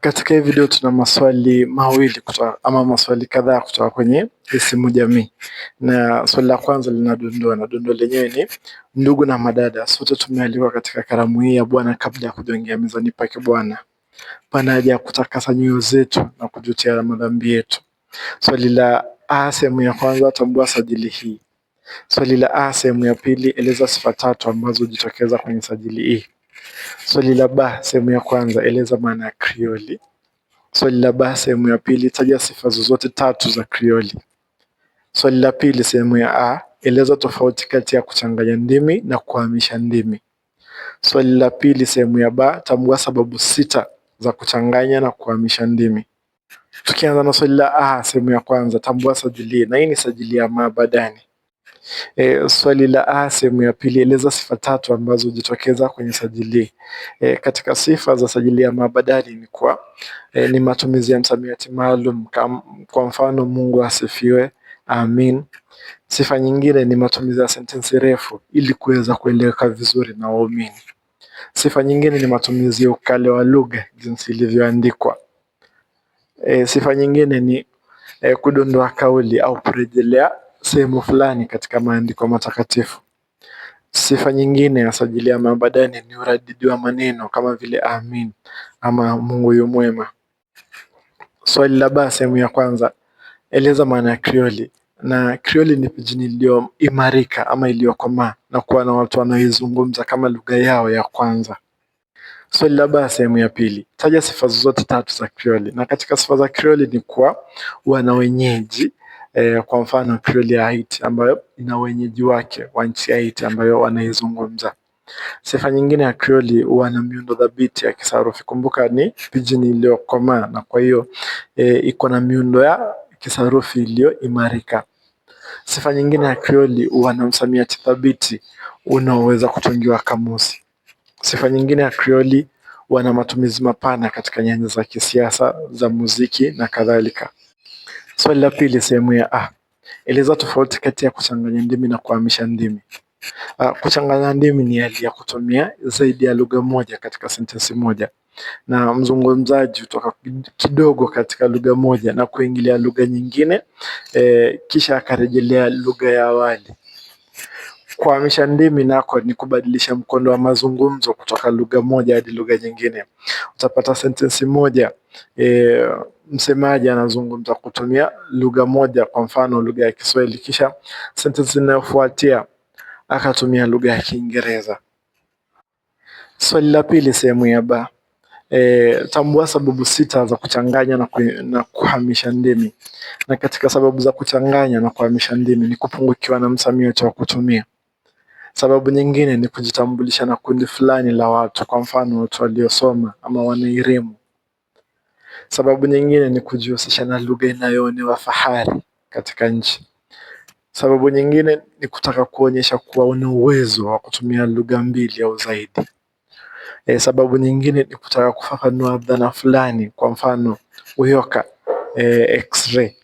Katika hii video tuna maswali mawili kutoka, ama maswali kadhaa kutoka kwenye simu jamii, na swali la kwanza linadondoa na dondo lenyewe ni ndugu na madada, sote tumealikwa katika karamu hii ya Bwana. Kabla ya kujongea mezani pake Bwana, pana haja ya kutakasa nyoyo zetu na kujutia madhambi yetu. Swali la a sehemu ya kwanza, tambua sajili hii. Swali la a sehemu ya pili, eleza sifa tatu ambazo hujitokeza kwenye sajili hii. Swali la ba sehemu ya kwanza, eleza maana ya Krioli. Swali la ba sehemu ya pili, taja sifa zozote tatu za Krioli. Swali la pili sehemu ya A, eleza tofauti kati ya kuchanganya ndimi na kuhamisha ndimi. Swali la pili sehemu ya ba tambua sababu sita za kuchanganya na kuhamisha ndimi. Tukianza na swali la A sehemu ya kwanza, tambua sajili. Na hii ni sajili ya maabadani. E, swali la A sehemu ya pili, eleza sifa tatu ambazo hujitokeza kwenye sajili. E, katika sifa za sajili ya maabadani ni kwa e, ni matumizi ya msamiati maalum, kwa mfano Mungu asifiwe, amin. Sifa nyingine ni matumizi ya sentensi refu ili kuweza kueleweka vizuri na waumini. Sifa nyingine ni matumizi ya ukale wa lugha jinsi ilivyoandikwa. E, sifa nyingine ni e, kudondoa kauli au kurejelea sehemu fulani katika maandiko matakatifu. Sifa nyingine ya sajili ya mabadani ni uradidi wa maneno kama vile amin ama Mungu yu mwema. Swali la ba sehemu ya kwanza, eleza maana ya krioli. Na krioli ni pijini iliyoimarika ama iliyokomaa na kuwa na watu wanaoizungumza kama lugha yao ya kwanza. Swali la ba sehemu ya pili, taja sifa zote tatu za krioli. Na katika sifa za krioli ni kuwa wana wenyeji eh, kwa mfano Krioli ya Haiti ambayo ina wenyeji wake wa nchi ya Haiti ambayo wanaizungumza. Sifa nyingine ya Krioli huwa na miundo dhabiti ya kisarufi. Kumbuka ni pidgin iliyokomaa na kwa hiyo e, iko na miundo ya kisarufi iliyoimarika. Sifa nyingine ya Krioli huwa na msamiati thabiti unaoweza kutungiwa kamusi. Sifa nyingine ya Krioli wana matumizi mapana katika nyanja za kisiasa, za muziki na kadhalika. Swali la pili sehemu ya A. Eleza tofauti kati ya kuchanganya ndimi na kuhamisha ndimi. Uh, kuchanganya ndimi ni hali ya kutumia zaidi ya lugha moja katika sentensi moja, na mzungumzaji hutoka kidogo katika lugha moja na kuingilia lugha nyingine eh, kisha akarejelea lugha ya awali. Kuhamisha ndimi nako ni kubadilisha mkondo wa mazungumzo kutoka lugha moja hadi lugha nyingine. Utapata sentensi moja e, msemaji anazungumza kutumia lugha moja, kwa mfano lugha ya Kiswahili, kisha sentensi inayofuatia akatumia lugha ya Kiingereza. Swali la pili sehemu ya ba e, tambua sababu sita za kuchanganya na, ku, na kuhamisha ndimi. Na katika sababu za kuchanganya na kuhamisha ndimi ni kupungukiwa na msamiati wa kutumia. Sababu nyingine ni kujitambulisha na kundi fulani la watu kwa mfano watu waliosoma ama wana Sababu nyingine ni kujihusisha na lugha inayoonewa fahari katika nchi. Sababu nyingine ni kutaka kuonyesha kuwa una uwezo wa kutumia lugha mbili au zaidi. E, sababu nyingine ni kutaka kufafanua dhana fulani kwa mfano uyoka, e, x-ray